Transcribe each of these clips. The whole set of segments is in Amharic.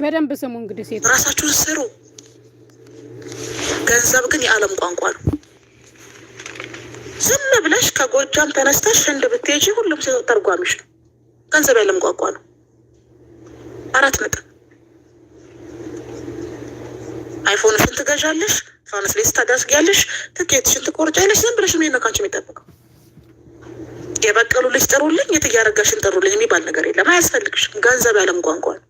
በደንብ ስሙ። እንግዲህ ሴት ራሳችሁን ስሩ። ገንዘብ ግን የዓለም ቋንቋ ነው። ዝም ብለሽ ከጎጃም ተነስተሽ ህንድ ብትሄጂ ሁሉም ሴት ተርጓሚሽ ነው። ገንዘብ የዓለም ቋንቋ ነው። አራት ነጥብ። አይፎንሽን ትገዣለሽ፣ ትራንስሌት ታደርጊያለሽ፣ ትኬትሽን ትቆርጫለሽ። ዝም ብለሽ ምን ነው የሚጠብቀው? የበቀሉ ልጅ ጥሩልኝ፣ የትያረጋሽን ጥሩልኝ የሚባል ነገር የለም። አያስፈልግሽም። ገንዘብ የዓለም ቋንቋ ነው።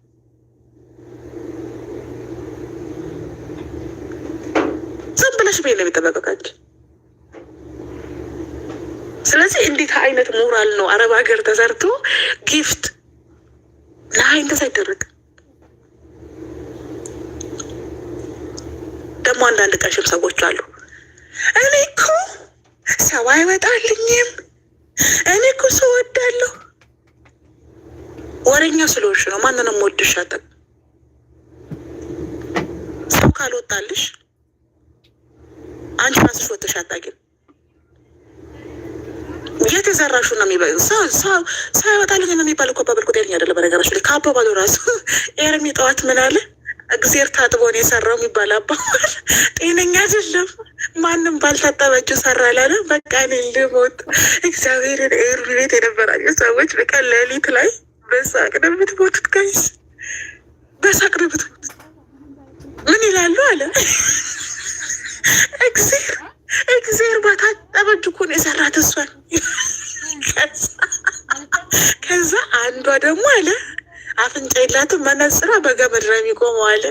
ትንሽ መሄድ ነው የሚጠበቀው ከአንቺ። ስለዚህ እንዴት አይነት ሞራል ነው አረብ ሀገር ተሰርቶ ጊፍት ለሀይ እንደዛ አይደረግ። ደግሞ አንዳንድ ቀሽም ሰዎች አሉ። እኔ እኮ ሰው አይወጣልኝም፣ እኔ እኮ ሰው ወዳለሁ። ወረኛ ስለሆንሽ ነው። ማንንም ወድሽ ሰው ካልወጣልሽ አንቺ ራስሽ ወጥተሽ አታውቂም። የተዘራሹ ነው የሚባለው። ሰው ሰው ይወጣልኝ ነው የሚባል እኮ በብልቁ ጤነኛ አይደለም። በነገራችን ላይ ከአባባሉ ራሱ ኤርሚ ጠዋት ምን አለ? እግዜር ታጥቦን የሰራው የሚባል አባባል ጤነኛ አይደለም። ማንም ባልታጠበችው ሰራ ላለ በቃ እኔ ልሞት። እግዚአብሔርን ኤርሚ ቤት የነበራቸው ሰዎች በቃ ሌሊት ላይ በሳቅ ነው የምትሞቱት። ጋይስ በሳቅ ነው የምትሞቱት። ምን ይላሉ አለ እግዜር በታጠበች እኮ ነው የሰራት እሷን። ከዛ አንዷ ደግሞ አለ አፍንጫ የላትም መነጽሯ በገመድ ነው የሚቆመው አለ።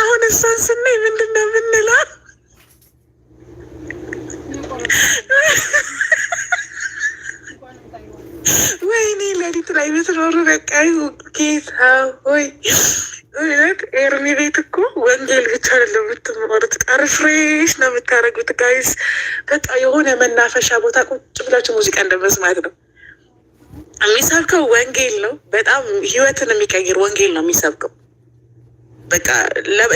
አሁን እሷን ስናይ ምንድን ነው የምንለው? ወይኔ ሌሊት ላይ ብትኖሩ በቃ ጌታ ሆይ ኤርሚ ቤት እኮ ወንጌል ብቻ አይደለም የምትማሩት፣ ሪፍሬሽ ነው የምታደርጉት። ጋይስ በቃ የሆነ መናፈሻ ቦታ ቁጭ ብላችሁ ሙዚቃ እንደመስማት ነው። የሚሰብከው ወንጌል ነው። በጣም ህይወትን የሚቀይር ወንጌል ነው የሚሰብከው። በቃ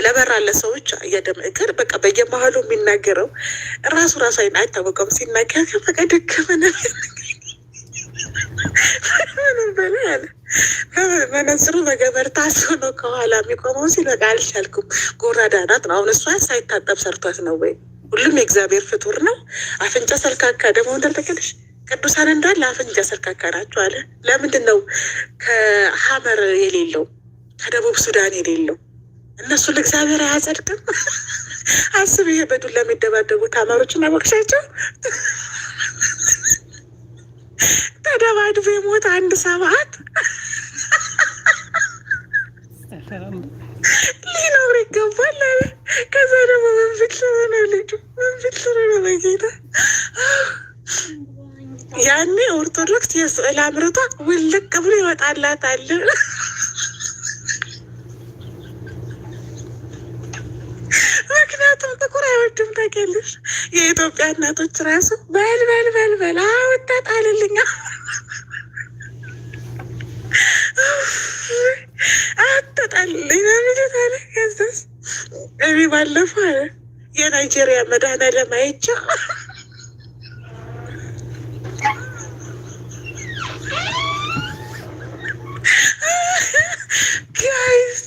ለበራለ ሰዎች የደም በቃ በየመሀሉ የሚናገረው ራሱ ራሱ አይታወቀም ሲናገር በቃ ደከመነ ምንም በላይ አለ ስሩ በገበርታ ታስሮ ነው ከኋላ የሚቆመው ሲል በቃ አልቻልኩም። ጎራዳ ናት ነው። አሁን እሷ ሳይታጠብ ሰርቷት ነው ወይ? ሁሉም የእግዚአብሔር ፍጡር ነው። አፍንጫ ሰልካካ ደግሞ እንደተከልሽ ቅዱሳን እንዳለ አፍንጫ ሰልካካ ናቸው አለ። ለምንድን ነው ከሀመር የሌለው ከደቡብ ሱዳን የሌለው? እነሱ ለእግዚአብሔር አያጸድቅም። አስብ። ይሄ በዱላ የሚደባደቡት ሀመሮችን አወቅሻቸው? ተደባድቦ የሞት አንድ ሰባት ሊኖር ይገባል። ከዛ ደግሞ መንፍቅ ስለሆነ ልጁ መንፍቅ ስለሆነ በጌታ ያኔ ኦርቶዶክስ የስዕል አምርቷ ውልቅ ብሎ ይወጣላታል። ምክንያቱም ጥቁር አይወድም ታውቂያለሽ። የኢትዮጵያ እናቶች ራሱ በል በል በል በል ናይጄሪያ መድኃኒዓለም አይቼ ጋይስ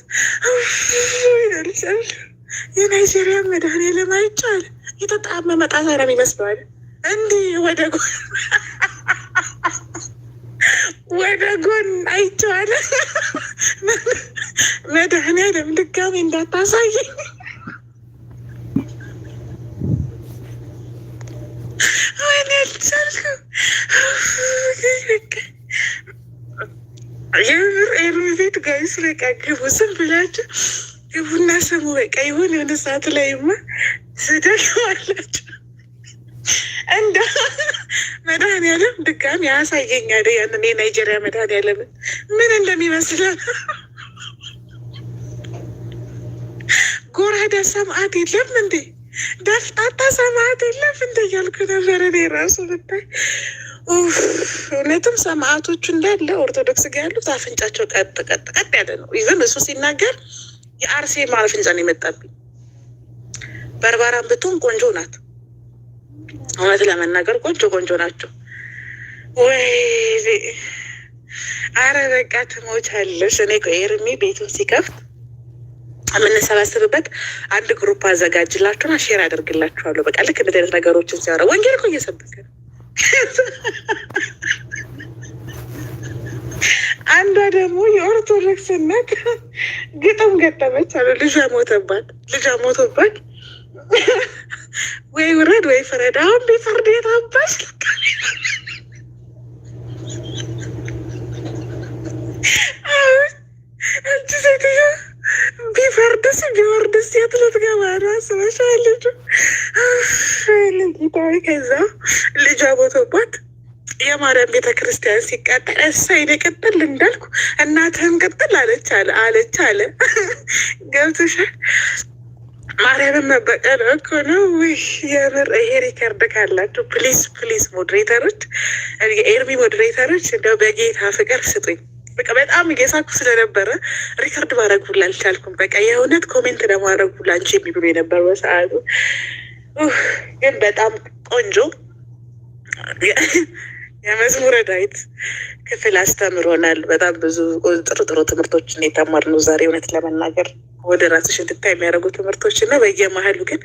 የናይጄሪያ መድኃኒዓለም አይቼ አለ የተጣመመ ጣሳ ነው ይመስለዋል። እንዲህ ወደ ጎን ወደ ጎን አይቼዋለሁ። መድኃኒዓለም ድጋሜ እንዳታሳይ ቤት ጋይስ በቃ ግቡ፣ ዝም ብላችሁ ግቡና ስሙ። በቃ ይሆን የሆነ ሰዓት ላይማ ስደግማላችሁ እንደ መድኃኒዓለም ድጋሚ ያሳየኛል። ያንን የናይጄሪያ መድኃኒዓለምን ምን እንደሚመስል ጎራዳ ሰማዕት የለም እንዴ? ደፍጣጣ ሰማዕት የለም እንደ እያልኩ ነበረ። እኔ ራሱ ብታይ እውነትም ሰማዕቶቹ እንዳለ ኦርቶዶክስ ጋ ያሉት አፍንጫቸው ቀጥ ቀጥ ቀጥ ያለ ነው። ይዘን እሱ ሲናገር የአርሴማ አፍንጫ ነው የመጣብኝ። በርባራን ብትሆን ቆንጆ ናት። እውነት ለመናገር ቆንጆ ቆንጆ ናቸው። ወይ አረ በቃ ትሞቻለሽ። እኔ ቆይ ኤርሚ ቤቱን ሲከፍት የምንሰበስብበት አንድ ግሩፕ አዘጋጅላችሁና ሼር አደርግላችኋለሁ። በቃ ልክ እንደዚህ አይነት ነገሮችን ሲያወራ ወንጌል እኮ እየሰበከ አንዷ ደግሞ የኦርቶዶክስ እናት ግጥም ገጠመች አሉ። ልጇ ሞተባት፣ ልጇ ሞቶባት ወይ ውረድ ወይ ፍረድ። አሁን ቢፈርድ የታባሽ አንቺ ሴትዮ የት ልትገባ ራስ መሻል ልጁ ንታዊ ከዛ ልጇ ቦቶባት የማርያም ቤተ ክርስቲያን ሲቃጠል እሳይ ቅጥል እንዳልኩ እናትህም ቅጥል አለች አለ አለች አለ ገብቶሻል። ማርያምን መበቀል እኮ ነው። የምር ይሄ ሪከርድ ካላችሁ ፕሊስ ፕሊስ፣ ሞዴሬተሮች፣ የኤርሚ ሞዴሬተሮች እንደው በጌታ ፍቅር ስጡኝ። በቃ በጣም እየሳኩ ስለነበረ ሪከርድ ማድረግ አልቻልኩም። በቃ የእውነት ኮሜንት ለማድረግ አንቺ የሚብሉ የነበር በሰዓቱ ግን በጣም ቆንጆ የመዝሙረ ዳዊት ክፍል አስተምሮናል። በጣም ብዙ ጥሩ ጥሩ ትምህርቶችን የተማርነው ዛሬ እውነት ለመናገር ወደ ራስሽ እንድታይ የሚያደርጉ ትምህርቶች እና በየመሀሉ ግን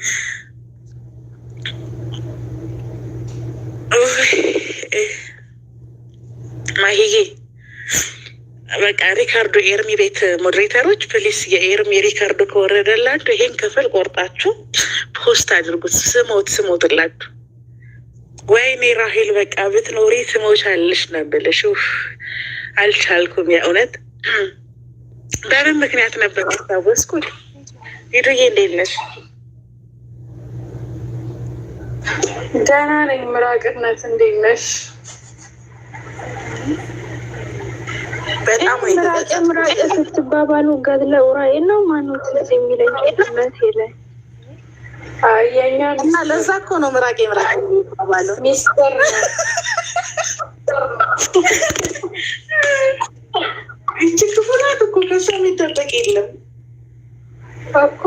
ማሂዬ በቃ ሪካርዶ ኤርሚ ቤት ሞዴሬተሮች ፕሊስ የኤርሚ ሪካርዶ ከወረደላችሁ ይሄን ክፍል ቆርጣችሁ ፖስት አድርጉት። ስሞት ስሞትላችሁ። ወይኔ ራሄል በቃ ብትኖሪ ትሞቻለሽ ነበር። ሹፍ አልቻልኩም። የእውነት በምን ምክንያት ነበር ታወስኩት? ሂዱዬ እንዴት ነሽ? ደህና ነኝ። ምራቅነት እንዴት ነሽ? በጣም ምራጭ ስትባባሉ ገድለ ኡራኤል ነው ማኖት የሚለኝ መቴ ላይ እና ለዛ እኮ ነው ምራቄ ምራቄ ሚስተር እኮ ከሷ የሚደበቅ የለም እኮ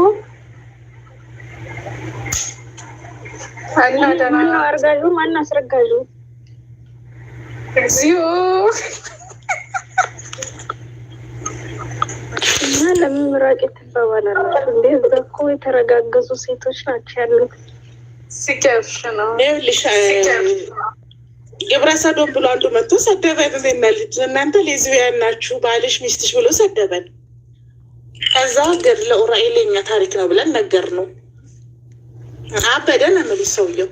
አርጋዡ ማን አስረጋዡ እግዚኦ እና ለምን ምራቅ ትባባላላችሁ እንዴ? እዛ እኮ የተረጋገዙ ሴቶች ናቸው ያሉት። ሲገርሽ ነው ግብረ ሰዶም ብሎ አንዱ መጥቶ ሰደበን። እኔና ልጅ እናንተ ሌዝቢያን ናችሁ ባልሽ ሚስትሽ ብሎ ሰደበን። ከዛ ገድለ ዑራኤል የኛ ታሪክ ነው ብለን ነገር ነው አበደን እምልሽ ሰውየው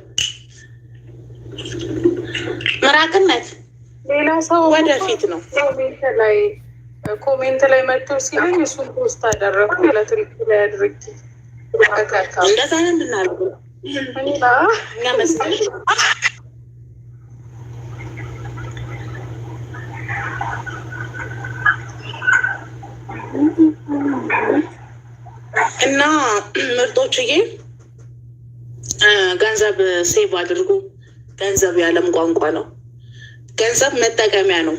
ምራቅነት ሌላ ሰው ወደፊት ነው ላይ ኮሜንት ላይ መጥተው ሲለኝ እሱን ፖስት አደረጉ ለትልቅ ላይ አድርጊ እና ምርጦችዬ ገንዘብ ሴቭ አድርጉ። ገንዘብ የዓለም ቋንቋ ነው። ገንዘብ መጠቀሚያ ነው።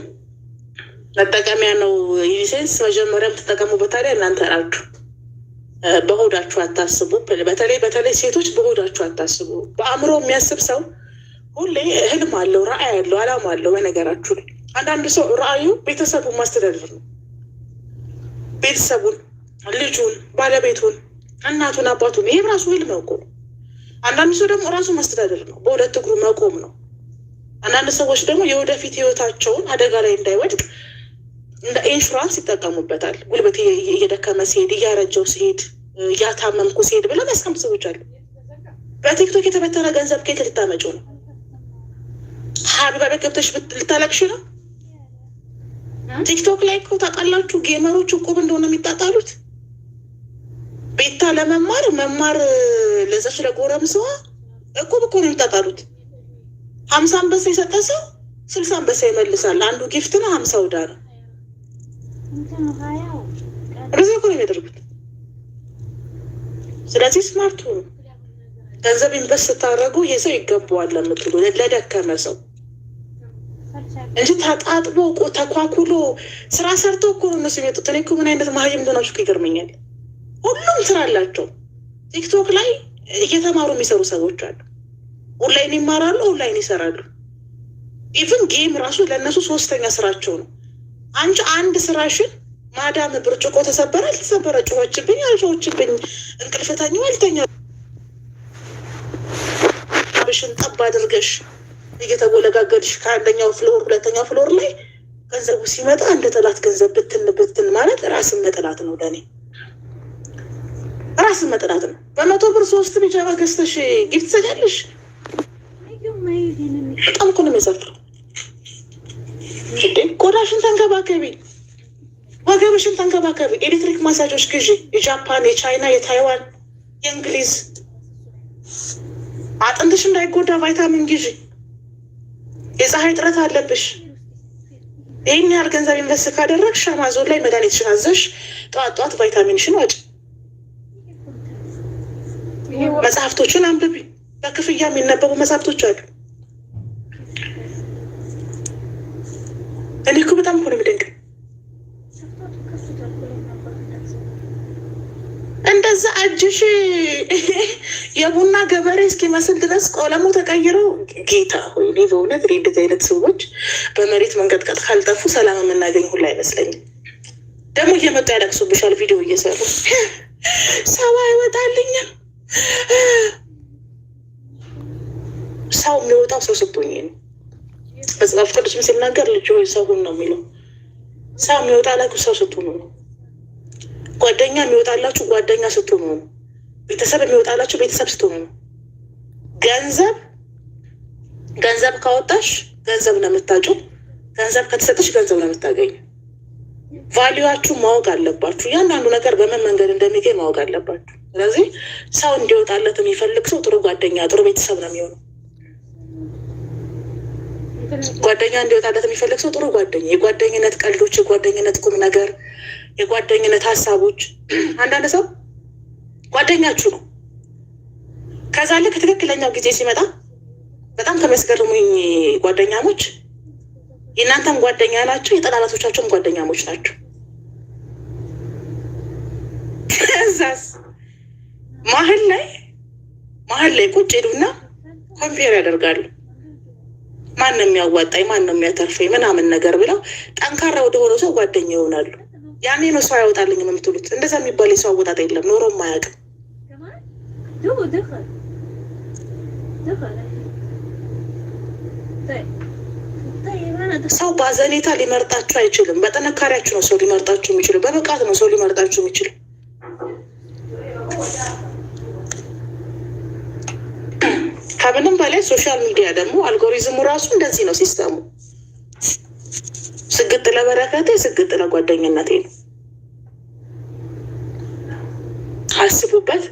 መጠቀሚያ ነው። ዩኒሴንስ መጀመሪያም የምትጠቀሙበት ታዲያ እናንተ ናችሁ በሆዳችሁ አታስቡ። በተለይ በተለይ ሴቶች በሆዳችሁ አታስቡ። በአእምሮ የሚያስብ ሰው ሁሌ ህልም አለው፣ ራዕይ አለው፣ አላማ አለው። በነገራችሁ ላይ አንዳንድ ሰው ራዕዩ ቤተሰቡን ማስተዳደር ነው። ቤተሰቡን፣ ልጁን፣ ባለቤቱን፣ እናቱን፣ አባቱን ይህም ራሱ ህልም እኮ አንዳንድ ሰው ደግሞ ራሱ ማስተዳደር ነው፣ በሁለት እግሩ መቆም ነው። አንዳንድ ሰዎች ደግሞ የወደፊት ህይወታቸውን አደጋ ላይ እንዳይወድቅ እንደ ኢንሹራንስ ይጠቀሙበታል። ጉልበት እየደከመ ሲሄድ፣ እያረጀው ሲሄድ፣ እያታመምኩ ሲሄድ ብለው መስከም ሰዎች አሉ። በቲክቶክ የተበተነ ገንዘብ ከየት ልታመጪው ነው? ሀቢባ ቤት ገብተሽ ልታለቅሽ ነው? ቲክቶክ ላይ እኮ ታውቃላችሁ፣ ጌመሮቹ እቁብ እንደሆነ የሚጣጣሉት ቤታ ለመማር መማር ለዛች ሰዋ እቁብ እኮ ነው የሚጣጣሉት። ሀምሳ አንበሳ የሰጠ ሰው ስልሳ አንበሳ ይመልሳል። አንዱ ጊፍት ነው፣ ሀምሳ ውዳ ነው። ብዙ እኮ ነው የሚያደርጉት። ስለዚህ ስማርቱ ነው ገንዘብ ኢንቨስት የሰው ይገባዋል ለምትሉ ለደከመ ሰው እንጂ ተጣጥቦ ተኳኩሎ ስራ ሰርቶ እኮ ነው እነሱ የሚወጡት። እኔ እኮ ምን አይነት መሀይም እንደሆናችሁ ይገርመኛል። ሁሉም ስራ አላቸው። ቲክቶክ ላይ እየተማሩ የሚሰሩ ሰዎች አሉ። ኦንላይን ይማራሉ፣ ኦንላይን ይሰራሉ። ኢቭን ጌም ራሱ ለእነሱ ሶስተኛ ስራቸው ነው። አንቺ አንድ ስራሽን ማዳም ብርጭቆ ተሰበረ አልተሰበረ፣ ጩኸችብኝ አልጮኸችብኝ፣ እንቅልፍተኛ አልተኛ ብሽን ጠብ አድርገሽ እየተወለጋገድሽ ከአንደኛው ፍሎር ሁለተኛው ፍሎር ላይ ገንዘቡ ሲመጣ እንደ ጠላት ገንዘብ ብትን ብትን ማለት ራስን መጥላት ነው። ለእኔ ራስን መጥላት ነው። በመቶ ብር ሶስት ቢጃባ ገዝተሽ ጊፍት ሰጃለሽ። በጣም እኮ ነው የሚያሳፍረው። ቆዳሽን ተንከባከቢ፣ ወገብሽን ተንከባከቢ። ኤሌክትሪክ ማሳጆች ግዢ፣ የጃፓን፣ የቻይና፣ የታይዋን፣ የእንግሊዝ። አጥንትሽ እንዳይጎዳ ቫይታሚን ግዢ። የፀሐይ እጥረት አለብሽ። ይህን ያህል ገንዘብ ኢንቨስት ካደረግሽ አማዞን ላይ መድኃኒትሽን አዘሽ ጠዋት ጠዋት ቫይታሚንሽን ወጭ፣ መጽሐፍቶችን አንብቢ። በክፍያ የሚነበቡ መጽሐፍቶች አሉ። እኔ እኮ በጣም ሆነ ነው እንደዛ እጅሽ የቡና ገበሬ እስኪመስል ድረስ ቆለሙ ተቀይሮ፣ ጌታ ሆይ በእውነት እንደዚህ አይነት ሰዎች በመሬት መንቀጥቀጥ ካልጠፉ ሰላም የምናገኝ ሁላ አይመስለኝም። ደግሞ እየመጡ ያለቅሱብሻል ቪዲዮ እየሰሩ ሰው አይወጣልኝም። ሰው የሚወጣው ሰው ስቶኝ ነው መጽሐፍ ቅዱስም ሲናገር ልጅ ወይ ሰው ነው የሚለው። ሰው የሚወጣላችሁ ሰው ስትሆኑ ነው። ጓደኛ የሚወጣላችሁ ጓደኛ ስትሆኑ ነው። ቤተሰብ የሚወጣላችሁ ቤተሰብ ስትሆኑ ነው። ገንዘብ ገንዘብ ካወጣሽ ገንዘብ ነው የምታጭው። ገንዘብ ከተሰጠሽ ገንዘብ ነው የምታገኝ። ቫሊዋችሁ ማወቅ አለባችሁ። እያንዳንዱ ነገር በምን መንገድ እንደሚገኝ ማወቅ አለባችሁ። ስለዚህ ሰው እንዲወጣለት የሚፈልግ ሰው ጥሩ ጓደኛ፣ ጥሩ ቤተሰብ ነው የሚሆነው። ጓደኛ እንዲወጣለት የሚፈልግ ሰው ጥሩ ጓደኛ፣ የጓደኝነት ቀልዶች፣ የጓደኝነት ቁም ነገር፣ የጓደኝነት ሀሳቦች። አንዳንድ ሰው ጓደኛችሁ ነው። ከዛ ልክ ትክክለኛው ጊዜ ሲመጣ በጣም ከሚያስገርሙኝ ጓደኛሞች የእናንተም ጓደኛ ናቸው፣ የጠላላቶቻቸውም ጓደኛሞች ናቸው። ከዛስ መሀል ላይ መሀል ላይ ቁጭ ሄዱና ኮምፔር ያደርጋሉ ማን ነው የሚያዋጣኝ፣ ማን ነው የሚያተርፈኝ ምናምን ነገር ብለው ጠንካራ ወደሆነ ሰው ጓደኛ ይሆናሉ። ያኔ ነው ሰው አይወጣልኝም የምትሉት። እንደዛ የሚባል የሰው አወጣጥ የለም፣ ኖሮም አያውቅም። ሰው በአዘኔታ ሊመርጣችሁ አይችልም። በጥንካሬያችሁ ነው ሰው ሊመርጣችሁ የሚችለው። በብቃት ነው ሰው ሊመርጣችሁ የሚችለው። ከምንም በላይ ሶሻል ሚዲያ ደግሞ አልጎሪዝሙ ራሱ እንደዚህ ነው ሲስተሙ። ስግጥ ለበረከቴ፣ ስግጥ ለጓደኝነቴ ነው። አስቡበት።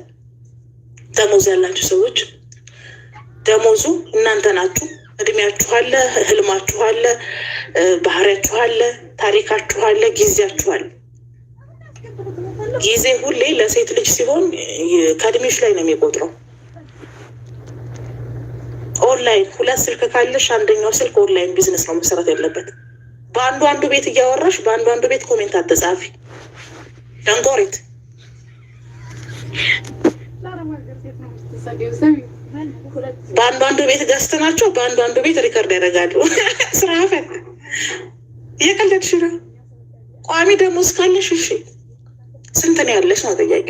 ደሞዝ ያላችሁ ሰዎች ደሞዙ እናንተ ናችሁ። እድሜያችሁ አለ፣ ህልማችሁ አለ፣ ባህሪያችሁ አለ፣ ታሪካችሁ አለ፣ ጊዜያችሁ አለ። ጊዜ ሁሌ ለሴት ልጅ ሲሆን ከእድሜሽ ላይ ነው የሚቆጥረው። ኦንላይን ሁለት ስልክ ካለሽ አንደኛው ስልክ ኦንላይን ቢዝነስ ነው መሰረት ያለበት። በአንዱ አንዱ ቤት እያወራሽ በአንዱ አንዱ ቤት ኮሜንት አትጻፊ ደንጎሪት በአንዱ አንዱ ቤት ገስት ናቸው፣ በአንዱ አንዱ ቤት ሪከርድ ያደርጋሉ። ስራፈ የቀለድሽ ነው። ቋሚ ደግሞ እስካለሽ እሺ፣ ስንት ነው ያለሽ ነው ጥያቄ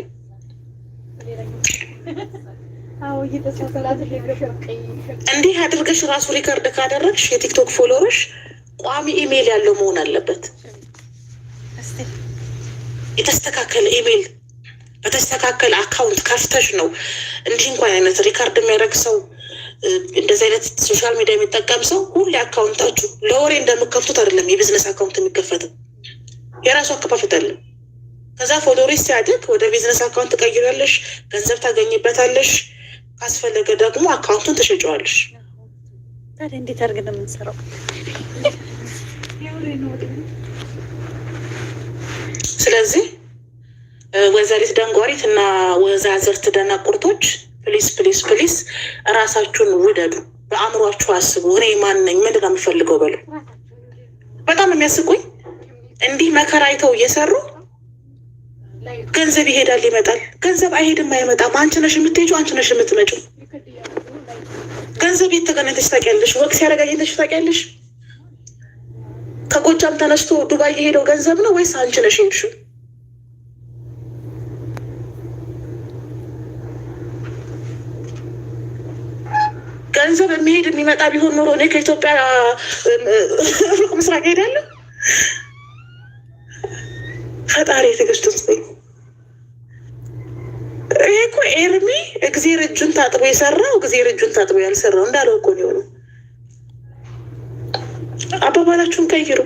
እንዲህ አድርገሽ ራሱ ሪከርድ ካደረግሽ የቲክቶክ ፎሎወርሽ ቋሚ ኢሜይል ያለው መሆን አለበት። የተስተካከለ ኢሜይል በተስተካከለ አካውንት ከፍተሽ ነው። እንዲህ እንኳን አይነት ሪካርድ የሚያደርግ ሰው እንደዚህ አይነት ሶሻል ሚዲያ የሚጠቀም ሰው ሁሌ አካውንታችሁ ለወሬ እንደምከፍቱት አይደለም። የቢዝነስ አካውንት የሚከፈትም የራሱ አከፋፈት አለ። ከዛ ፎሎሪስ ሲያድግ ወደ ቢዝነስ አካውንት ትቀይራለሽ፣ ገንዘብ ታገኝበታለሽ። ካስፈለገ ደግሞ አካውንቱን ተሸጨዋለሽ። ታዲያ እንዴት አድርገን ነው የምንሰራው? ስለዚህ ወይዘሪት ደንጓሪት እና ወይዛዝርት ደናቁርቶች ፕሊስ ፕሊስ ፕሊስ እራሳችሁን ውደዱ። በአእምሯችሁ አስቡ። እኔ ማን ነኝ? ምንድን ነው የምፈልገው? በሉ በጣም የሚያስቁኝ እንዲህ መከራ አይተው እየሰሩ ገንዘብ ይሄዳል ይመጣል። ገንዘብ አይሄድም አይመጣም። አንቺ ነሽ የምትሄጂው፣ አንቺ ነሽ የምትመጪው። ገንዘብ የተቀነተች ታውቂያለሽ፣ ወቅት ሲያረጋኝተች ታውቂያለሽ። ከጎጃም ተነስቶ ዱባይ የሄደው ገንዘብ ነው ወይስ አንቺ ነሽ ሄድሽው? ገንዘብ የሚሄድ የሚመጣ ቢሆን ኖሮ እኔ ከኢትዮጵያ ሩቅ ምስራቅ ሄዳለሁ። ፈጣሪ ትዕግስት ስጠኝ። ይሄ እኮ ኤርሚ እግዜር እጁን ታጥቦ የሰራው እግዜር እጁን ታጥቦ ያልሰራው እንዳለው እኮ ነው የሆነው። አባባላችሁን ቀይሩ።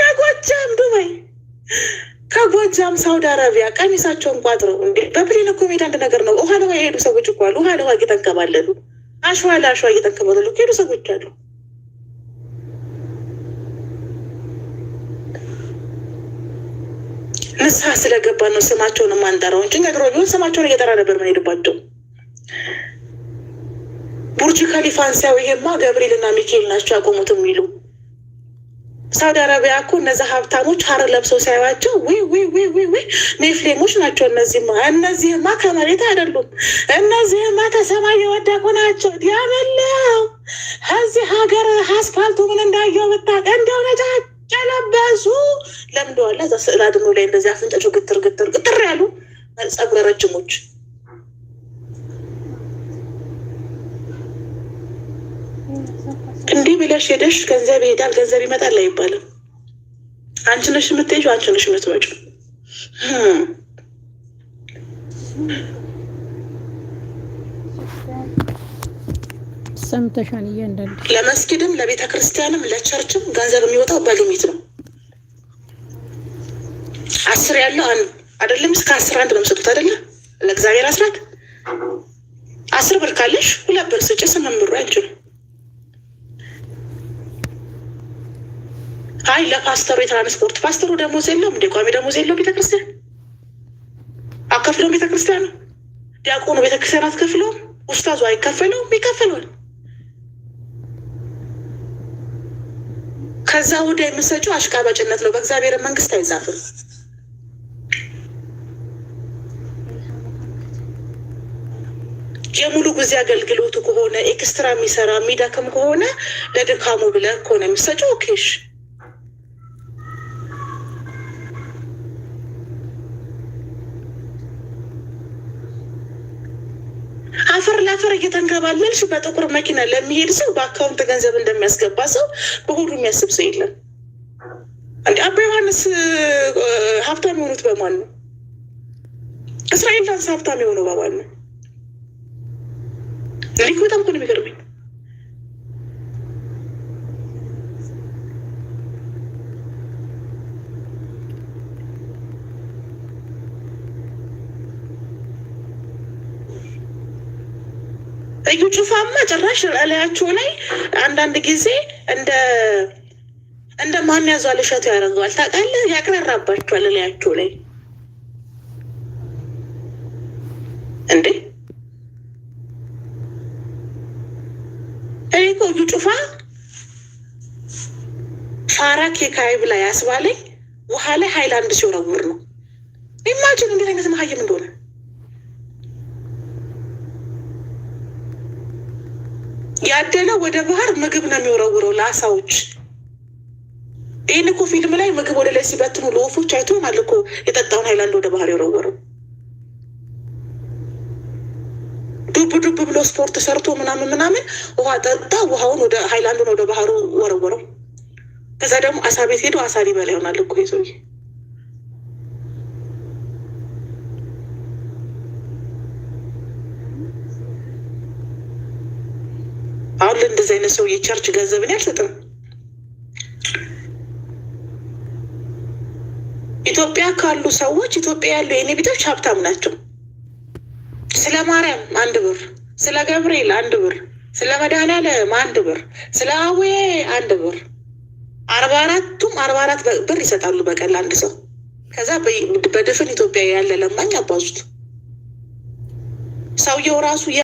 ከጎጃም ዱባይ፣ ከጎጃም ሳውዲ አረቢያ ቀሚሳቸውን ቋጥረው እንዴ! በፕሌን እኮ ሜዳ አንድ ነገር ነው። ውሃ ለዋ የሄዱ ሰዎች እኮ አሉ። ውሃ ለዋ እየተንከባለሉ አሸዋ ለአሸዋ እየተንከባለሉ ሄዱ ሰዎች አሉ። ንስሐ ስለገባ ነው ስማቸውን የማንጠራው እንጂ ቢሆን ስማቸውን እየጠራ ነበር የምንሄድባቸው። ቡርጅ ካሊፋን ሲያው ይሄማ እና ሚካኤል ናቸው ያቆሙት የሚሉ ሳውዲ አረቢያ እኮ እነዚ ሀብታሞች ሀር ለብሰው ሲያዩቸው ዊ ኔፍሌሞች ናቸው እነዚህማ እነዚህማ ከመሬት አይደሉም እነዚህማ ከሰማይ የወደቁ ናቸው ዲያመለው ከዚህ ሀገር አስፋልቱ ምን እንዳየው ብታውቅ እንደው ነጫጭ ያለበሱ ለምደዋላ እዛ ስዕል አድኖ ላይ እንደዚህ አፍንጫቸው ግትር ግትር ግትር ያሉ ጸጉረ ረጅሞች እንዲህ ብለሽ ሄደሽ ገንዘብ ይሄዳል ገንዘብ ይመጣል አይባልም። አንቺ ነሽ የምትሄጂው፣ አንቺ ነሽ የምትመጪው። ሰምተሻል። እያንዳንድ ለመስጊድም ለቤተ ክርስቲያንም ለቸርችም ገንዘብ የሚወጣው በሊሚት ነው። አስር ያለው አንድ አደለም እስከ አስር አንድ ነው የምሰጡት አይደለ? ለእግዚአብሔር አስራት አስር ብር ካለሽ ሁለት ብር ስጭ። ስምምሩ አይችልም። አይ ለፓስተሩ የትራንስፖርት ፓስተሩ ደሞዝ የለውም፣ ቋሚ ደሞዝ የለውም። ቤተክርስቲያን አከፍለውም። ቤተክርስቲያን ነው ዲያቆኑ ቤተክርስቲያን አትከፍለውም። ኡስታዙ አይከፈለውም፣ ይከፈለዋል። ከዛ ወደ የምሰጩ አሽቃባጭነት ነው። በእግዚአብሔር መንግስት አይዛፍም። የሙሉ ጊዜ አገልግሎቱ ከሆነ ኤክስትራ የሚሰራ የሚደክም ከሆነ ለድካሙ ብለህ ከሆነ የምሰጩ ኦኬሽ ካባለልሽ በጥቁር መኪና ለሚሄድ ሰው በአካውንት ገንዘብ እንደሚያስገባ ሰው በሁሉ የሚያስብ ሰው የለም። እንደ አባ ዮሐንስ ሀብታም የሆኑት በማን ነው? እስራኤል ዳንስ ሀብታም የሆነው በማን ነው? ሊኩ በጣም እኮ ነው የሚገርመኝ። እዩ ጩፋማ ጭራሽ እላያቸው ላይ አንዳንድ ጊዜ እንደ እንደ ማን ያዟል እሸቱ ያደርገዋል ታውቃለህ፣ ያቅራራባቸዋል እላያቸው ላይ እንዴ። እኔ እኮ እዩ ጩፋ ፋራ ኬክ አይብ ላይ አስባለኝ ውሃ ላይ ሀይላንድ ሲወረውር ነው። ኢማጅን እንዴት አይነት መሀይም እንደሆነ ያደለ ወደ ባህር ምግብ ነው የሚወረውረው ለአሳዎች። ይህን እኮ ፊልም ላይ ምግብ ወደ ላይ ሲበትኑ ለወፎች አይቶናል እኮ የጠጣውን ሀይላንድ ወደ ባህር የወረወረው ዱብ ዱብ ብሎ ስፖርት ሰርቶ ምናምን ምናምን ውሃ ጠጣ። ውሃውን ወደ ሀይላንዱን ወደ ባህሩ ወረወረው። ከዛ ደግሞ አሳ ቤት ሄዶ አሳ ሊበላ ይሆናል እኮ አሁን ለእንደዚህ አይነት ሰው የቸርች ገንዘብን አልሰጥም። ኢትዮጵያ ካሉ ሰዎች ኢትዮጵያ ያሉ የኔ ቤቶች ሀብታም ናቸው። ስለ ማርያም አንድ ብር፣ ስለ ገብርኤል አንድ ብር፣ ስለ መድኃኔዓለም አንድ ብር፣ ስለ አዌ አንድ ብር፣ አርባ አራቱም አርባ አራት ብር ይሰጣሉ በቀን አንድ ሰው። ከዛ በድፍን ኢትዮጵያ ያለ ለማኝ አባዙት ሰውየው ራሱ